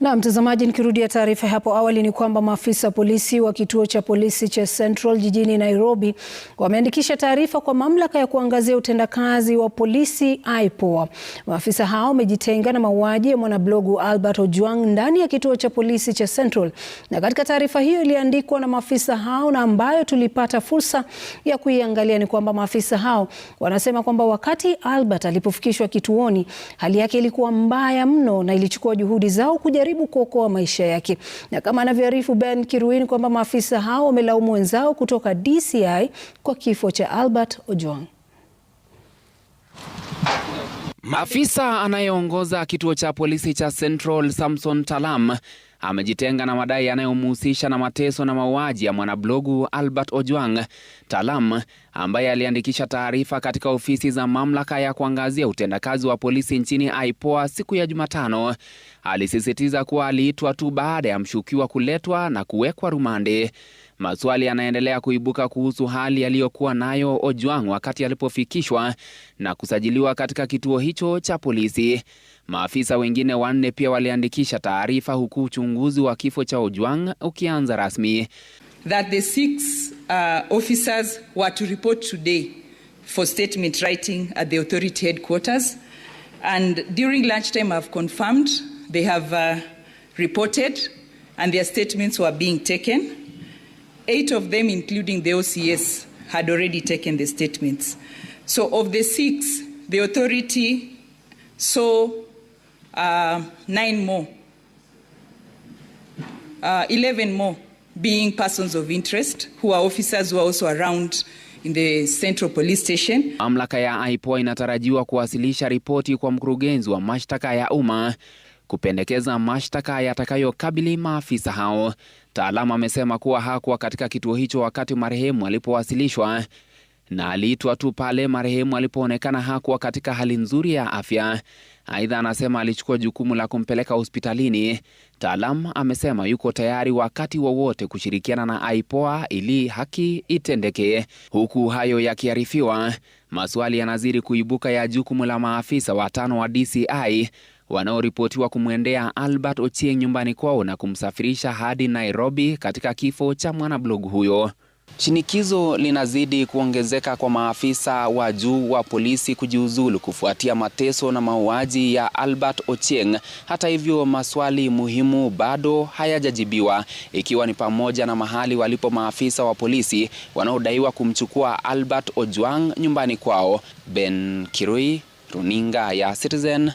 Na mtazamaji, nikirudia taarifa hapo awali ni kwamba maafisa wa polisi wa kituo cha polisi cha Central jijini Nairobi wameandikisha taarifa kwa mamlaka ya kuangazia utendakazi wa polisi IPOA. Maafisa hao wamejitenga na mauaji ya mwanablogu Albert Ojwang ndani ya kituo cha polisi cha Central, na katika taarifa hiyo iliandikwa na maafisa hao na ambayo tulipata fursa ya kuiangalia, ni kwamba maafisa hao wanasema kwamba wakati Albert alipofikishwa kituoni, hali yake ilikuwa mbaya mno na ilichukua juhudi zao kujaribu kujaribu kuokoa maisha yake. Na kama anavyoarifu Ben Kiruin kwamba maafisa hao wamelaumu wenzao kutoka DCI kwa kifo cha Albert Ojwang. Maafisa anayeongoza kituo cha polisi cha Central Samson Talam amejitenga na madai yanayomhusisha na mateso na mauaji ya mwanablogu Albert Ojwang Talam ambaye aliandikisha taarifa katika ofisi za mamlaka ya kuangazia utendakazi wa polisi nchini IPOA siku ya Jumatano. Alisisitiza kuwa aliitwa tu baada ya mshukiwa kuletwa na kuwekwa rumande. Maswali yanaendelea kuibuka kuhusu hali aliyokuwa nayo Ojwang wakati alipofikishwa na kusajiliwa katika kituo hicho cha polisi. Maafisa wengine wanne pia waliandikisha taarifa huku uchunguzi wa kifo cha Ojwang ukianza rasmi. That the six, uh, officers were to report today for statement writing at the authority headquarters and during lunchtime I've confirmed they have uh, reported and their statements were being taken. Eight of them including the OCS had already taken the statements. So of the six, the authority saw uh, nine more, uh, 11 more being persons of interest who are officers who are also around in the Central Police Station. Mamlaka ya IPOA inatarajiwa kuwasilisha ripoti kwa mkurugenzi wa mashtaka ya umma kupendekeza mashtaka yatakayokabili maafisa hao. Taalamu amesema kuwa hakuwa katika kituo hicho wakati marehemu alipowasilishwa na aliitwa tu pale marehemu alipoonekana hakuwa katika hali nzuri ya afya. Aidha, anasema alichukua jukumu la kumpeleka hospitalini. Taalam amesema yuko tayari wakati wowote wa kushirikiana na IPOA ili haki itendeke. Huku hayo yakiarifiwa, maswali yanazidi kuibuka ya jukumu la maafisa watano wa DCI wanaoripotiwa kumwendea Albert Ochieng nyumbani kwao na kumsafirisha hadi Nairobi katika kifo cha mwanablogu huyo. Shinikizo linazidi kuongezeka kwa maafisa wa juu wa polisi kujiuzulu kufuatia mateso na mauaji ya Albert Ochieng. Hata hivyo, maswali muhimu bado hayajajibiwa ikiwa ni pamoja na mahali walipo maafisa wa polisi wanaodaiwa kumchukua Albert Ojwang nyumbani kwao. Ben Kirui, Runinga ya Citizen